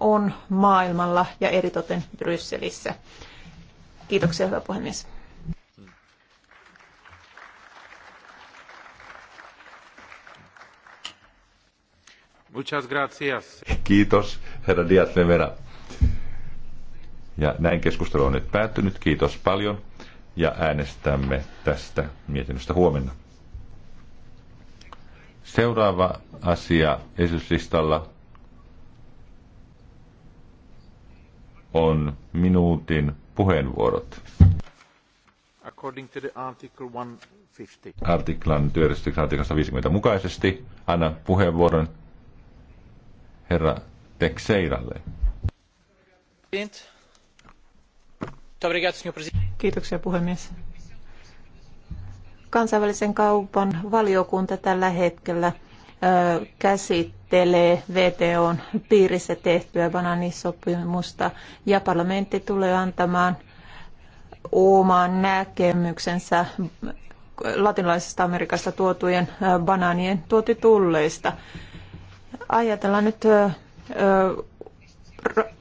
on maailmalla ja eritoten Brysselissä. Kiitoksia, hyvä puhemies. Muchas gracias. Kiitos, herra Diaz Rivera. Ja näin keskustelu on nyt päättynyt. Kiitos paljon ja äänestämme tästä mietinnöstä huomenna. Seuraava asia esityslistalla on minuutin puheenvuorot. According to the article 150. Artiklan työjärjestyksen artiklasta 50 mukaisesti annan puheenvuoron herra Tekseiralle. Kiitoksia puhemies. Kansainvälisen kaupan valiokunta tällä hetkellä käsittelee VTOn piirissä tehtyä bananisopimusta ja parlamentti tulee antamaan oman näkemyksensä latinalaisesta Amerikasta tuotujen banaanien tuotitulleista. Ajatellaan nyt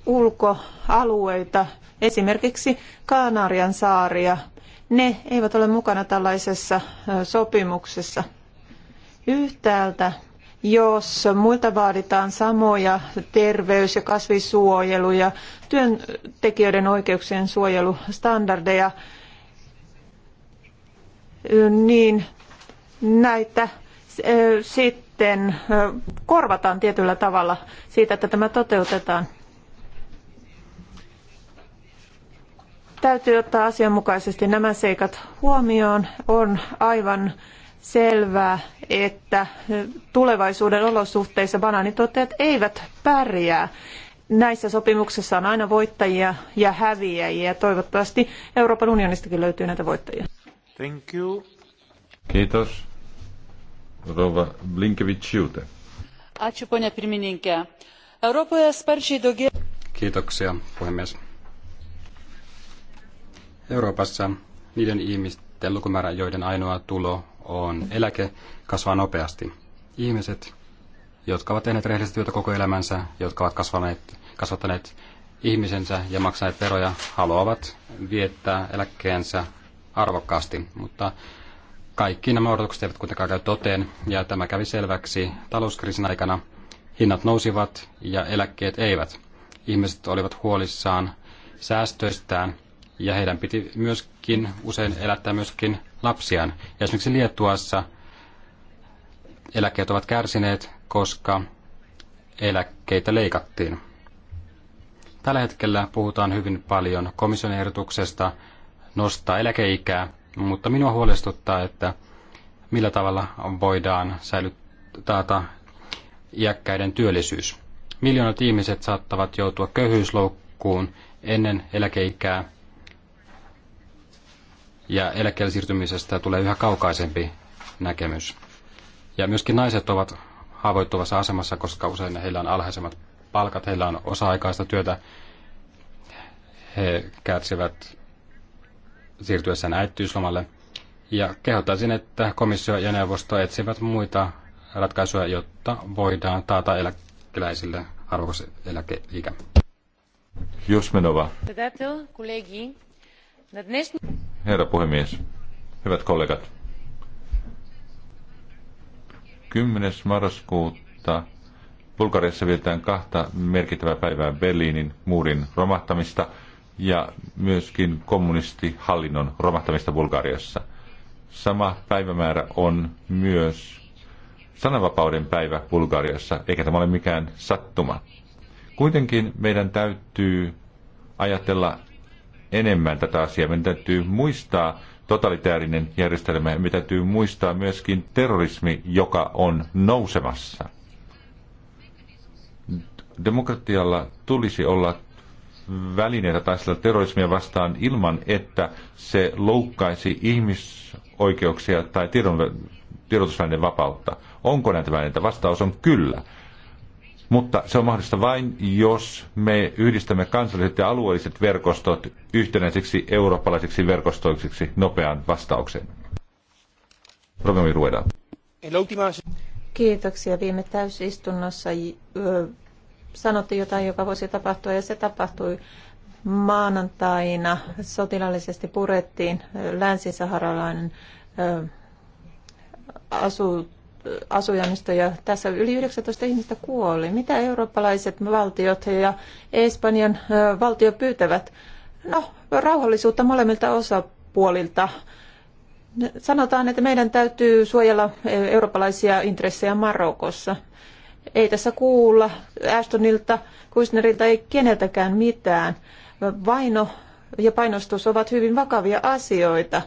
ulkoalueita, esimerkiksi Kanarian saaria. Ne eivät ole mukana tällaisessa sopimuksessa. Yhtäältä jos muilta vaaditaan samoja terveys- ja kasvisuojelu- ja työntekijöiden oikeuksien suojelustandardeja, niin näitä sitten korvataan tietyllä tavalla siitä, että tämä toteutetaan. Täytyy ottaa asianmukaisesti nämä seikat huomioon. On aivan selvää, että tulevaisuuden olosuhteissa banaanituottajat eivät pärjää. Näissä sopimuksissa on aina voittajia ja häviäjiä. Toivottavasti Euroopan unionistakin löytyy näitä voittajia. Thank you. Kiitos. Rova Blinkevičiūtė. Ačiū, ponia pirmininkė. Europoje sparčiai Kiitoksia, puhemies. Euroopassa niiden ihmisten lukumäärä, joiden ainoa tulo on eläke, kasvaa nopeasti. Ihmiset, jotka ovat tehneet rehellistä työtä koko elämänsä, jotka ovat kasvaneet, kasvattaneet ihmisensä ja maksaneet veroja, haluavat viettää eläkkeensä arvokkaasti, mutta kaikki nämä odotukset eivät kuitenkaan käy toteen, ja tämä kävi selväksi talouskriisin aikana. Hinnat nousivat ja eläkkeet eivät. Ihmiset olivat huolissaan säästöistään, ja heidän piti myöskin usein elättää myöskin lapsiaan. Ja esimerkiksi Liettuassa eläkkeet ovat kärsineet, koska eläkkeitä leikattiin. Tällä hetkellä puhutaan hyvin paljon komission ehdotuksesta nostaa eläkeikää, mutta minua huolestuttaa, että millä tavalla voidaan säilyttää iäkkäiden työllisyys. Miljoonat ihmiset saattavat joutua köyhyysloukkuun ennen eläkeikää ja eläkkeelle siirtymisestä tulee yhä kaukaisempi näkemys. Ja myöskin naiset ovat haavoittuvassa asemassa, koska usein heillä on alhaisemmat palkat, heillä on osa-aikaista työtä, he kärsivät siirtyessään äittyyslomalle. Ja kehottaisin, että komissio ja neuvosto etsivät muita ratkaisuja, jotta voidaan taata eläkeläisille arvokas eläkeikä. Jusmenova herra puhemies, hyvät kollegat. 10. marraskuuta Bulgariassa vietetään kahta merkittävää päivää Berliinin muurin romahtamista ja myöskin kommunistihallinnon romahtamista Bulgariassa. Sama päivämäärä on myös sananvapauden päivä Bulgariassa, eikä tämä ole mikään sattuma. Kuitenkin meidän täytyy ajatella enemmän tätä asiaa. Meidän täytyy muistaa totalitäärinen järjestelmä ja meidän täytyy muistaa myöskin terrorismi, joka on nousemassa. Demokratialla tulisi olla välineitä taistella terrorismia vastaan ilman, että se loukkaisi ihmisoikeuksia tai tiedon, tiedotusvälineen vapautta. Onko näitä välineitä? Vastaus on kyllä. Mutta se on mahdollista vain, jos me yhdistämme kansalliset ja alueelliset verkostot yhtenäiseksi eurooppalaiseksi verkostoiksi nopean vastauksen. Programmi ruvetaan. Kiitoksia. Viime täysistunnossa sanottiin jotain, joka voisi tapahtua, ja se tapahtui maanantaina. Sotilaallisesti purettiin saharalainen asu, asujamista ja tässä yli 19 ihmistä kuoli. Mitä eurooppalaiset valtiot ja Espanjan valtio pyytävät? No, rauhallisuutta molemmilta osapuolilta. Sanotaan, että meidän täytyy suojella eurooppalaisia intressejä Marokossa. Ei tässä kuulla Ashtonilta, Kuisnerilta ei keneltäkään mitään. Vaino ja painostus ovat hyvin vakavia asioita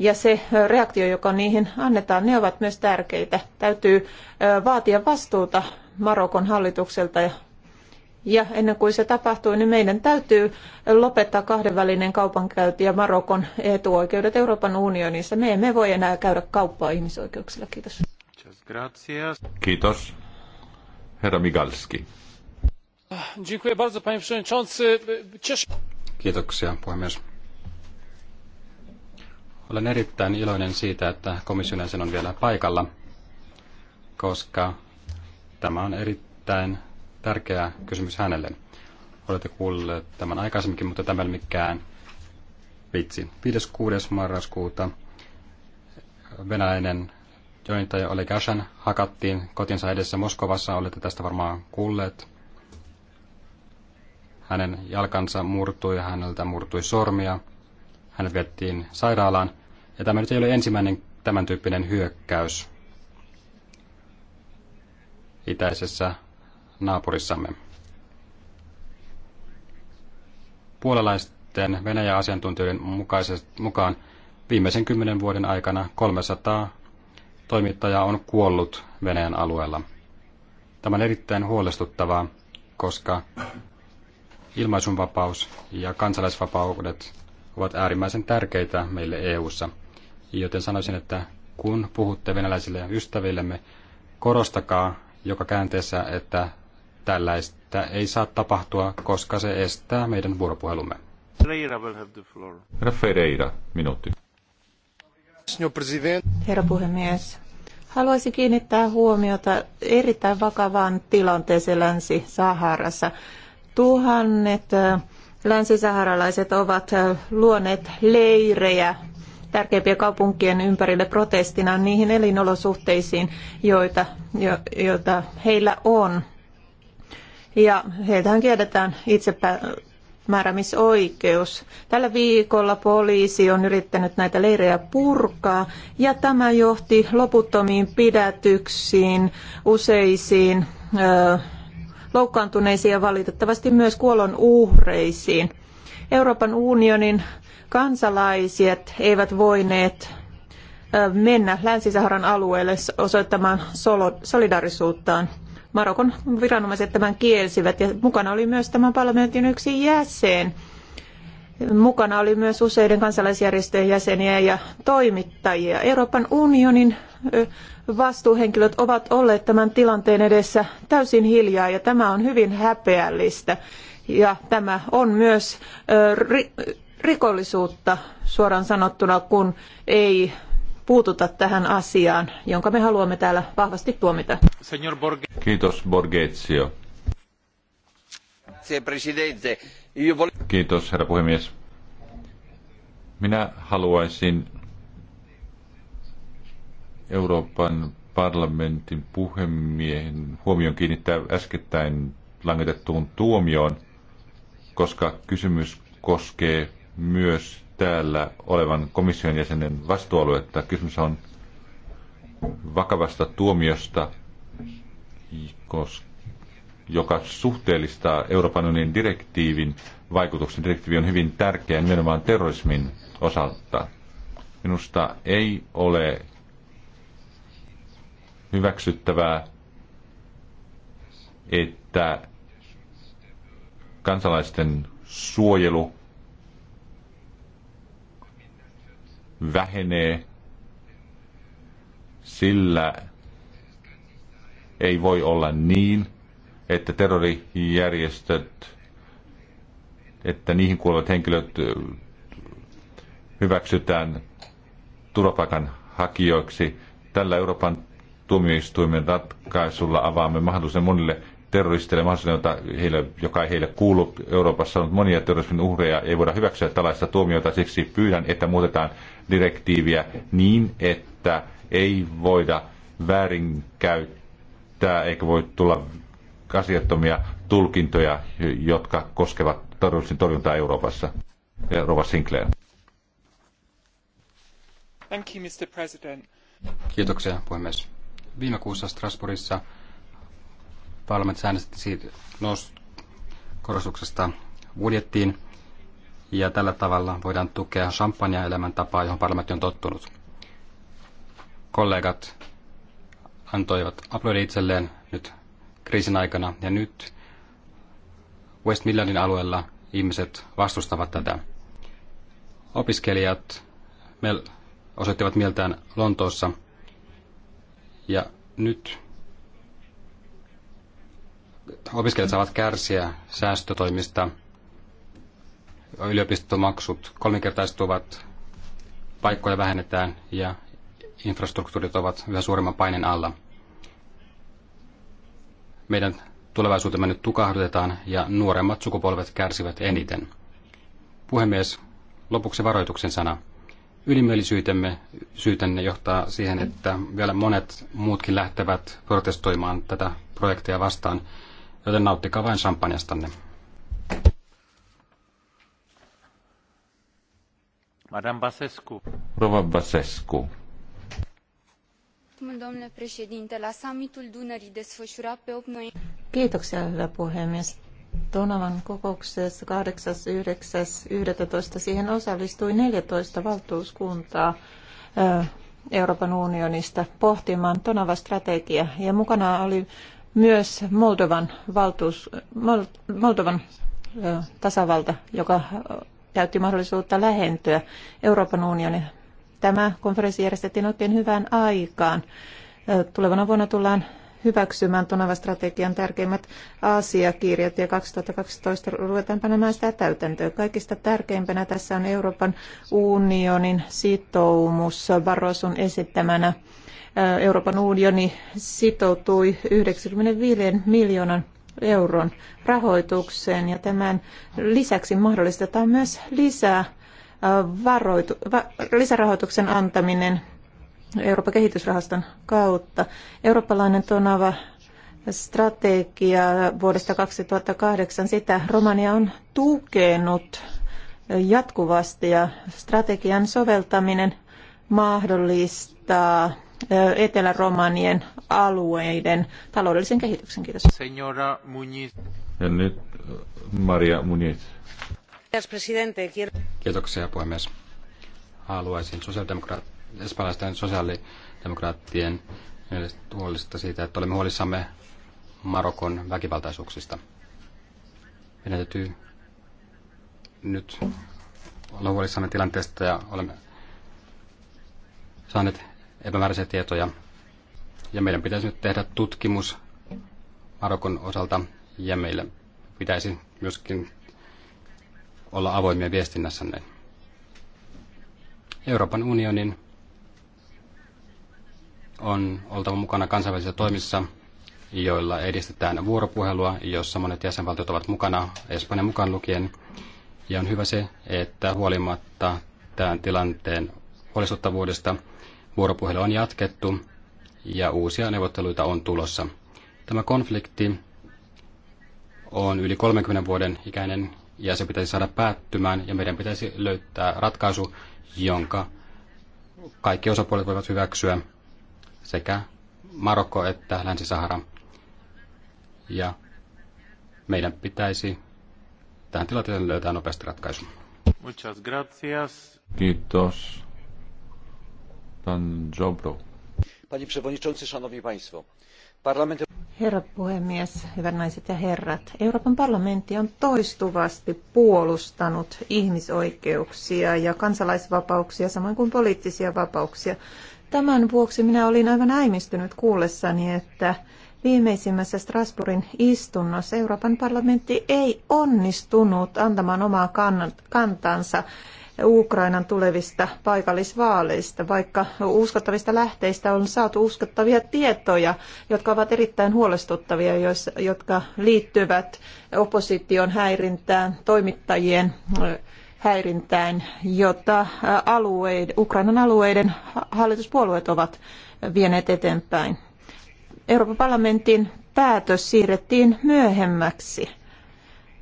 ja se reaktio, joka niihin annetaan, ne ovat myös tärkeitä. Täytyy vaatia vastuuta Marokon hallitukselta ja ennen kuin se tapahtuu, niin meidän täytyy lopettaa kahdenvälinen kaupankäynti ja Marokon etuoikeudet Euroopan unionissa. Me emme voi enää käydä kauppaa ihmisoikeuksilla. Kiitos. Kiitos. Herra Migalski. Kiitoksia, puhemies. Olen erittäin iloinen siitä, että komission jäsen on vielä paikalla, koska tämä on erittäin tärkeä kysymys hänelle. Olette kuulleet tämän aikaisemminkin, mutta tämä ei ole mikään vitsi. 5.6. marraskuuta venäläinen jointaja oli Gashan hakattiin kotinsa edessä Moskovassa. Olette tästä varmaan kuulleet. Hänen jalkansa murtui, häneltä murtui sormia. Hänet vettiin sairaalaan. Ja tämä nyt ei ole ensimmäinen tämän tyyppinen hyökkäys itäisessä naapurissamme. Puolalaisten Venäjä-asiantuntijoiden mukaan viimeisen kymmenen vuoden aikana 300 toimittajaa on kuollut Venäjän alueella. Tämä on erittäin huolestuttavaa, koska ilmaisunvapaus ja kansalaisvapaudet ovat äärimmäisen tärkeitä meille EU:ssa. ssa Joten sanoisin, että kun puhutte venäläisille ystävillemme, korostakaa joka käänteessä, että tällaista ei saa tapahtua, koska se estää meidän vuoropuhelumme. Herra Ferreira, minuutti. Herra puhemies, haluaisin kiinnittää huomiota erittäin vakavaan tilanteeseen Länsi-Saharassa. Tuhannet äh, länsisaharalaiset ovat äh, luoneet leirejä tärkeimpien kaupunkien ympärille protestina niihin elinolosuhteisiin, joita, jo, joita heillä on. Ja heiltähän kiedetään itsepä, Tällä viikolla poliisi on yrittänyt näitä leirejä purkaa ja tämä johti loputtomiin pidätyksiin, useisiin ö, loukkaantuneisiin ja valitettavasti myös kuolon uhreisiin. Euroopan unionin kansalaiset eivät voineet mennä Länsi-Saharan alueelle osoittamaan solidaarisuuttaan. Marokon viranomaiset tämän kielsivät ja mukana oli myös tämän parlamentin yksi jäsen. Mukana oli myös useiden kansalaisjärjestöjen jäseniä ja toimittajia. Euroopan unionin vastuuhenkilöt ovat olleet tämän tilanteen edessä täysin hiljaa ja tämä on hyvin häpeällistä. Ja tämä on myös rikollisuutta suoraan sanottuna, kun ei puututa tähän asiaan, jonka me haluamme täällä vahvasti tuomita. Kiitos Borgezio. Kiitos herra puhemies. Minä haluaisin Euroopan parlamentin puhemiehen huomion kiinnittää äskettäin langetettuun tuomioon – koska kysymys koskee myös täällä olevan komission jäsenen vastuualuetta. Kysymys on vakavasta tuomiosta, joka suhteellistaa Euroopan unionin direktiivin vaikutuksen. Direktiivi on hyvin tärkeä nimenomaan terrorismin osalta. Minusta ei ole hyväksyttävää, että kansalaisten suojelu vähenee, sillä ei voi olla niin, että terrorijärjestöt, että niihin kuuluvat henkilöt hyväksytään turvapaikan hakijoiksi. Tällä Euroopan tuomioistuimen ratkaisulla avaamme mahdollisen monille terroristeille mahdollisuuden, heille, joka ei heille kuulu. Euroopassa on monia terrorismin uhreja, ei voida hyväksyä tällaista tuomiota, siksi pyydän, että muutetaan direktiiviä niin, että ei voida väärinkäyttää eikä voi tulla asiattomia tulkintoja, jotka koskevat terrorismin torjuntaa Euroopassa. Ja Rova Sinclair. Thank you, Mr. President. Kiitoksia, puhemies. Viime kuussa Strasbourgissa parlamentissa äänestettiin siitä korostuksesta budjettiin, ja tällä tavalla voidaan tukea champagne elämäntapaa, johon parlamentti on tottunut. Kollegat antoivat aplodit itselleen nyt kriisin aikana, ja nyt West Midlandin alueella ihmiset vastustavat tätä. Opiskelijat osoittivat mieltään Lontoossa, ja nyt opiskelijat saavat kärsiä säästötoimista. Yliopistomaksut kolminkertaistuvat, paikkoja vähennetään ja infrastruktuurit ovat yhä suuremman paineen alla. Meidän tulevaisuutemme nyt tukahdutetaan ja nuoremmat sukupolvet kärsivät eniten. Puhemies, lopuksi varoituksen sana. Ylimielisyytemme syytänne johtaa siihen, että vielä monet muutkin lähtevät protestoimaan tätä projektia vastaan, joten nauttikaa vain champanjastanne. Madame Basescu. Rova Basescu. Domnule președinte, la summitul Dunării desfășurat pe 8 noiembrie... Kiitoksia, hyvä puhemies. Donavan kokouksessa 8.9.11. siihen osallistui 14 valtuuskuntaa Euroopan unionista pohtimaan Tonavan strategia ja mukana oli myös Moldovan, valtuus, Moldovan tasavalta, joka käytti mahdollisuutta lähentyä Euroopan unionin. Tämä konferenssi järjestettiin oikein hyvään aikaan. Tulevana vuonna tullaan hyväksymään Tonava strategian tärkeimmät asiakirjat ja 2012 ruvetaan panemaan sitä täytäntöön. Kaikista tärkeimpänä tässä on Euroopan unionin sitoumus Barroson esittämänä Euroopan unioni sitoutui 95 miljoonan euron rahoitukseen ja tämän lisäksi mahdollistetaan myös lisää varoitu, va, lisärahoituksen antaminen Euroopan kehitysrahaston kautta. Eurooppalainen tonava strategia vuodesta 2008, sitä Romania on tukenut jatkuvasti ja strategian soveltaminen mahdollistaa Etelä-Romanien alueiden taloudellisen kehityksen. Kiitos. Señora Muñiz. Ja nyt Maria Muñiz. Kiitoksia puhemies. Haluaisin sosiaalidemokraat- espanjalaisten sosiaalidemokraattien huolista siitä, että olemme huolissamme Marokon väkivaltaisuuksista. Meidän täytyy nyt olla huolissamme tilanteesta ja olemme saaneet epämääräisiä tietoja. Ja meidän pitäisi nyt tehdä tutkimus Marokon osalta ja meillä pitäisi myöskin olla avoimia näin. Euroopan unionin on oltava mukana kansainvälisissä toimissa, joilla edistetään vuoropuhelua, jossa monet jäsenvaltiot ovat mukana, Espanjan mukaan lukien. Ja on hyvä se, että huolimatta tämän tilanteen huolestuttavuudesta, Vuoropuhelu on jatkettu ja uusia neuvotteluita on tulossa. Tämä konflikti on yli 30 vuoden ikäinen ja se pitäisi saada päättymään ja meidän pitäisi löytää ratkaisu, jonka kaikki osapuolet voivat hyväksyä sekä Marokko että Länsi-Sahara. Ja meidän pitäisi tähän tilanteeseen löytää nopeasti ratkaisu. Muchas gracias. Kiitos. Panie przewodniczący, szanowni państwo. Parlament... Herra puhemies, hyvät naiset ja herrat. Euroopan parlamentti on toistuvasti puolustanut ihmisoikeuksia ja kansalaisvapauksia, samoin kuin poliittisia vapauksia. Tämän vuoksi minä olin aivan äimistynyt kuullessani, että viimeisimmässä Strasbourgin istunnossa Euroopan parlamentti ei onnistunut antamaan omaa kantansa Ukrainan tulevista paikallisvaaleista, vaikka uskottavista lähteistä on saatu uskottavia tietoja, jotka ovat erittäin huolestuttavia, jotka liittyvät opposition häirintään, toimittajien häirintään, jota alueiden, Ukrainan alueiden hallituspuolueet ovat vieneet eteenpäin. Euroopan parlamentin päätös siirrettiin myöhemmäksi.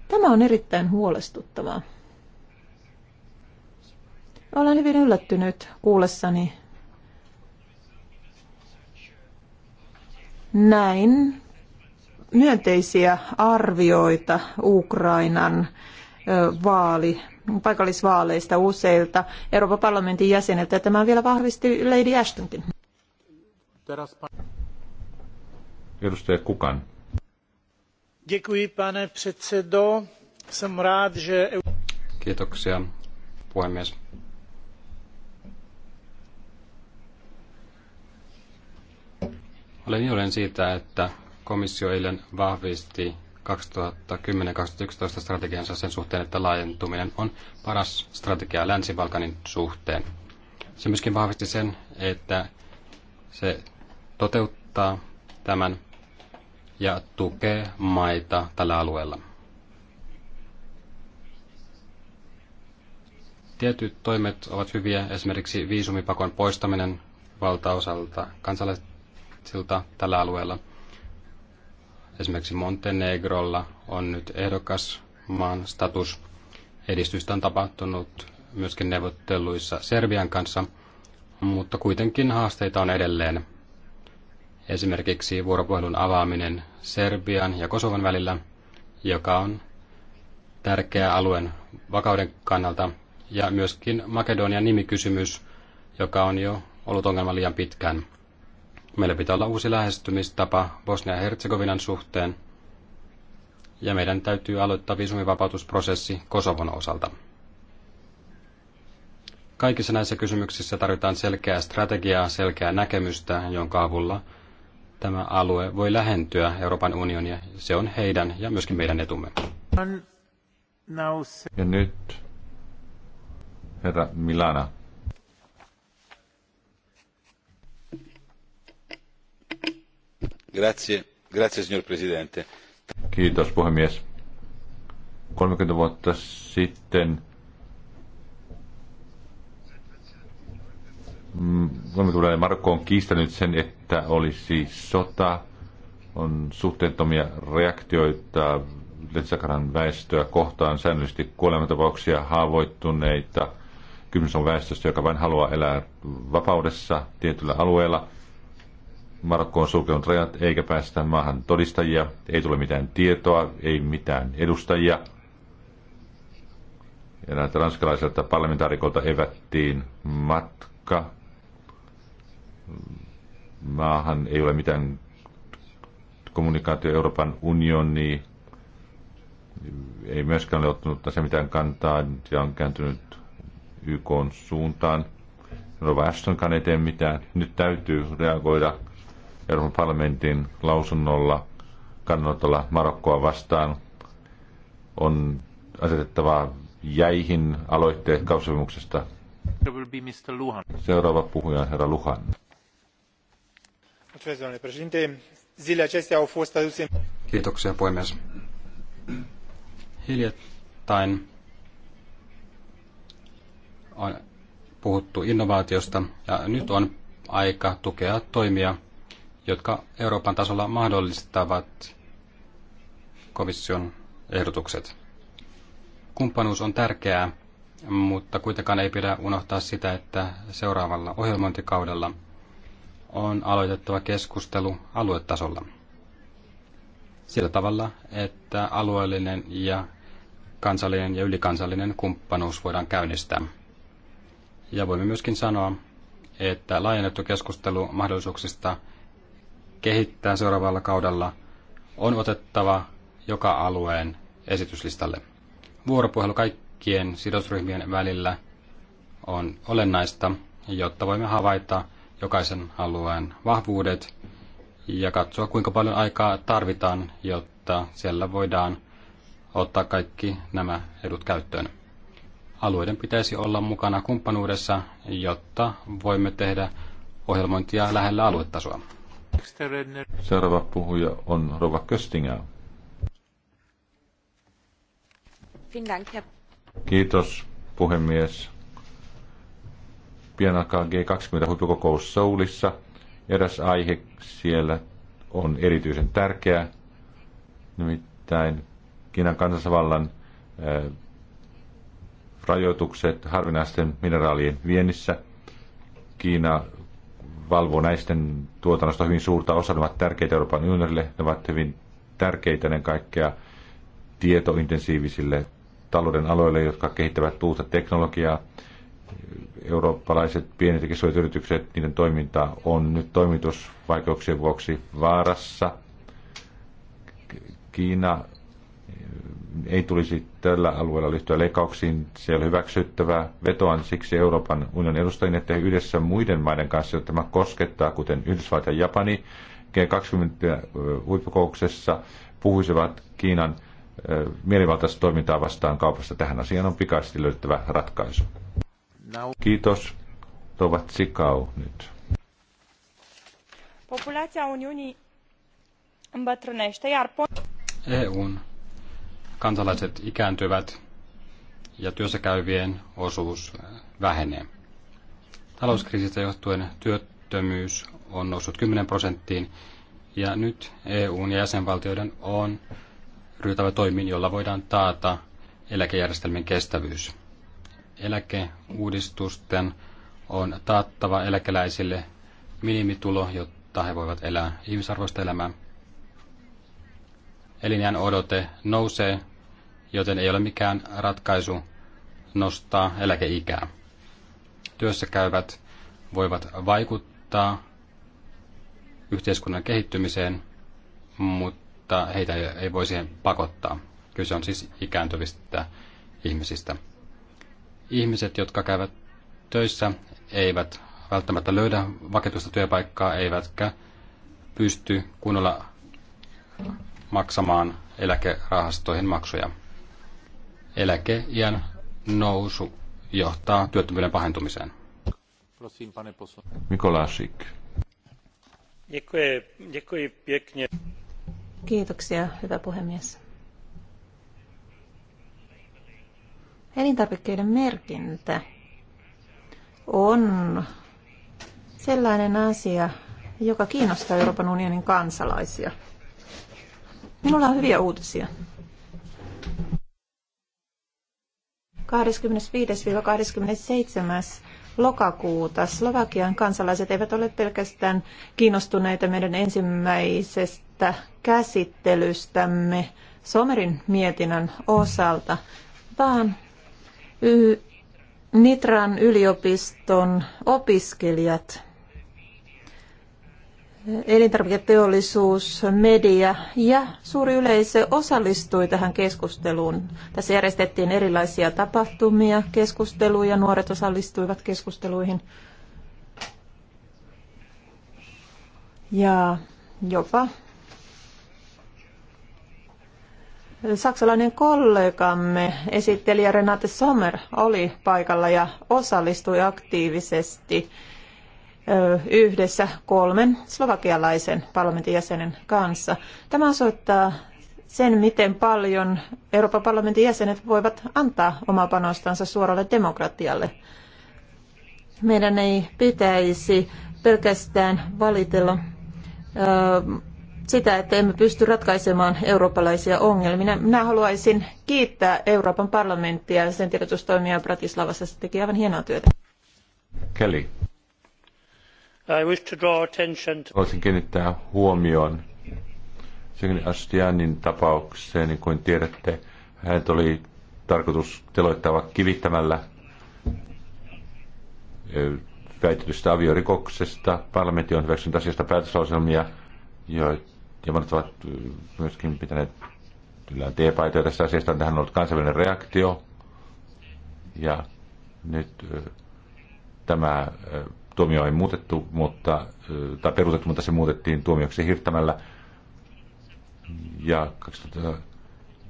Tämä on erittäin huolestuttavaa. Olen hyvin yllättynyt kuullessani näin myönteisiä arvioita Ukrainan vaali, paikallisvaaleista useilta Euroopan parlamentin jäseniltä. Tämä vielä vahvisti Lady Ashtonkin. Edustaja Kukan. pane Kiitoksia, puhemies. Olen iloinen siitä, että komissio eilen vahvisti 2010-2011 strategiansa sen suhteen, että laajentuminen on paras strategia Länsi-Balkanin suhteen. Se myöskin vahvisti sen, että se toteuttaa tämän ja tukee maita tällä alueella. Tietyt toimet ovat hyviä, esimerkiksi viisumipakon poistaminen valtaosalta kansalaiset siltä tällä alueella. Esimerkiksi Montenegrolla on nyt maan status. Edistystä on tapahtunut myöskin neuvotteluissa Serbian kanssa, mutta kuitenkin haasteita on edelleen. Esimerkiksi vuoropuhelun avaaminen Serbian ja Kosovan välillä, joka on tärkeä alueen vakauden kannalta, ja myöskin Makedonian nimikysymys, joka on jo ollut ongelma liian pitkään. Meillä pitää olla uusi lähestymistapa Bosnia-Herzegovinan suhteen, ja meidän täytyy aloittaa viisumivapautusprosessi Kosovon osalta. Kaikissa näissä kysymyksissä tarvitaan selkeää strategiaa, selkeää näkemystä, jonka avulla tämä alue voi lähentyä Euroopan unionia. Se on heidän ja myöskin meidän etumme. Ja nyt herra Milana. signor presidente. Kiitos puhemies. kolmekymmentä vuotta sitten Suomen mm, on kiistänyt sen, että olisi sota, on suhteettomia reaktioita Letsakaran väestöä kohtaan, säännöllisesti kuolemantapauksia, haavoittuneita. Kysymys on väestöstä, joka vain haluaa elää vapaudessa tietyllä alueella. Marokko on sulkenut rajat eikä päästä maahan todistajia, ei tule mitään tietoa, ei mitään edustajia. Ja näiltä ranskalaiselta parlamentaarikolta evättiin matka. Maahan ei ole mitään kommunikaatio Euroopan unioni ei myöskään ole ottanut tässä mitään kantaa ja on kääntynyt YK suuntaan. Rova Ashtonkaan eteen mitään. Nyt täytyy reagoida Euroopan parlamentin lausunnolla kannanotolla Marokkoa vastaan on asetettava jäihin aloitteet kauppasopimuksesta. Seuraava puhuja on herra Luhan. Kiitoksia puhemies. Hiljattain on puhuttu innovaatiosta ja nyt on aika tukea toimia, jotka Euroopan tasolla mahdollistavat komission ehdotukset. Kumppanuus on tärkeää, mutta kuitenkaan ei pidä unohtaa sitä, että seuraavalla ohjelmointikaudella on aloitettava keskustelu aluetasolla. Sillä tavalla, että alueellinen ja kansallinen ja ylikansallinen kumppanuus voidaan käynnistää. Ja voimme myöskin sanoa, että laajennettu keskustelu mahdollisuuksista kehittää seuraavalla kaudella, on otettava joka alueen esityslistalle. Vuoropuhelu kaikkien sidosryhmien välillä on olennaista, jotta voimme havaita jokaisen alueen vahvuudet ja katsoa, kuinka paljon aikaa tarvitaan, jotta siellä voidaan ottaa kaikki nämä edut käyttöön. Alueiden pitäisi olla mukana kumppanuudessa, jotta voimme tehdä ohjelmointia lähellä aluetasoa. Seuraava puhuja on Rova Köstingä. Kiitos, puhemies. Pian alkaa G20-huippukokous Soulissa. Eräs aihe siellä on erityisen tärkeä, nimittäin Kiinan kansanvallan eh, rajoitukset harvinaisten mineraalien viennissä. Kiina valvoo näisten tuotannosta hyvin suurta osaa. Ne ovat tärkeitä Euroopan unionille, ne ovat hyvin tärkeitä ennen kaikkea tietointensiivisille talouden aloille, jotka kehittävät uutta teknologiaa. Eurooppalaiset pienet ja yritykset, niiden toiminta on nyt toimitusvaikeuksien vuoksi vaarassa. Kiina ei tulisi tällä alueella liittyä leikkauksiin. Se ei ole hyväksyttävää. Vetoan siksi Euroopan unionin edustajien, että yhdessä muiden maiden kanssa, jotta tämä koskettaa, kuten Yhdysvallat ja Japani, G20-huippukouksessa puhuisivat Kiinan mielivaltaista toimintaa vastaan kaupasta. Tähän asiaan on pikaisesti löydettävä ratkaisu. Kiitos. Tovat Sikau nyt. Populaatio unioni îmbătrânește, iar... EUn kansalaiset ikääntyvät ja käyvien osuus vähenee. Talouskriisistä johtuen työttömyys on noussut 10 prosenttiin ja nyt EUn ja jäsenvaltioiden on ryhtävä toimiin, jolla voidaan taata eläkejärjestelmien kestävyys. Eläkeuudistusten on taattava eläkeläisille minimitulo, jotta he voivat elää ihmisarvoista elämää elinjään odote nousee, joten ei ole mikään ratkaisu nostaa eläkeikää. Työssä käyvät voivat vaikuttaa yhteiskunnan kehittymiseen, mutta heitä ei voi siihen pakottaa. Kyse on siis ikääntyvistä ihmisistä. Ihmiset, jotka käyvät töissä, eivät välttämättä löydä vakituista työpaikkaa, eivätkä pysty kunnolla maksamaan eläkerahastoihin maksuja. Eläkeiän nousu johtaa työttömyyden pahentumiseen. Mikolasik. Kiitoksia, hyvä puhemies. Elintarvikkeiden merkintä on sellainen asia, joka kiinnostaa Euroopan unionin kansalaisia. Minulla on hyviä uutisia. 25-27. lokakuuta Slovakian kansalaiset eivät ole pelkästään kiinnostuneita meidän ensimmäisestä käsittelystämme Somerin mietinnön osalta, vaan Nitran yliopiston opiskelijat elintarviketeollisuus, media ja suuri yleisö osallistui tähän keskusteluun. Tässä järjestettiin erilaisia tapahtumia, keskusteluja, nuoret osallistuivat keskusteluihin. Ja jopa saksalainen kollegamme, esittelijä Renate Sommer, oli paikalla ja osallistui aktiivisesti yhdessä kolmen slovakialaisen parlamentin jäsenen kanssa. Tämä osoittaa sen, miten paljon Euroopan parlamentin jäsenet voivat antaa omaa panostansa suoralle demokratialle. Meidän ei pitäisi pelkästään valitella sitä, että emme pysty ratkaisemaan eurooppalaisia ongelmia. Minä, haluaisin kiittää Euroopan parlamenttia ja sen tiedotustoimia Bratislavassa. Se teki aivan hienoa työtä. Kelly. Haluaisin kiinnittää huomioon Sigrid Astianin tapaukseen, niin kuin tiedätte. Hänet oli tarkoitus teloittaa kivittämällä väitetystä aviorikoksesta. Parlamentti on hyväksynyt asiasta päätöslauselmia, joita ja monet ovat myöskin pitäneet yllään tiepaitoja tästä asiasta. Tähän on ollut kansainvälinen reaktio. Ja nyt tämä tuomio ei muutettu, mutta, tai peruutettu, mutta se muutettiin tuomioksi hirttämällä. Ja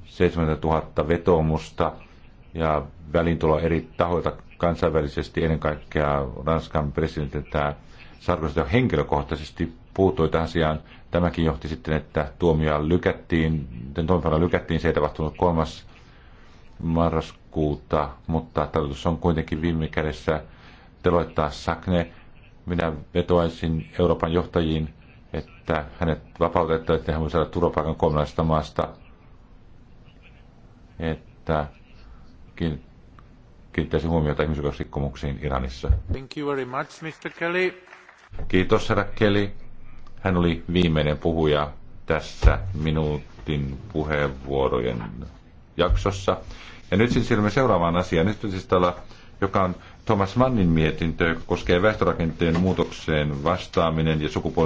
70 000 vetoomusta ja välintulo eri tahoilta kansainvälisesti, ennen kaikkea Ranskan presidentin tämä Sarkozy henkilökohtaisesti puuttui tähän asiaan. Tämäkin johti sitten, että tuomioa lykättiin, tuomioon lykättiin, se ei tapahtunut kolmas marraskuuta, mutta tarkoitus on kuitenkin viime kädessä teloittaa Sakne minä vetoaisin Euroopan johtajiin, että hänet vapautettaisiin, että hän voi saada turvapaikan kolmannesta maasta, että kiinnittäisin huomiota ihmisoikeusrikkomuksiin Iranissa. Thank you very much, Mr. Kelly. Kiitos, herra Kelly. Hän oli viimeinen puhuja tässä minuutin puheenvuorojen jaksossa. Ja nyt siis siirrymme seuraavaan asiaan, nyt siis täällä, joka on Thomas Mannin mietintö, joka koskee väestörakenteen muutokseen vastaaminen ja sukupuolten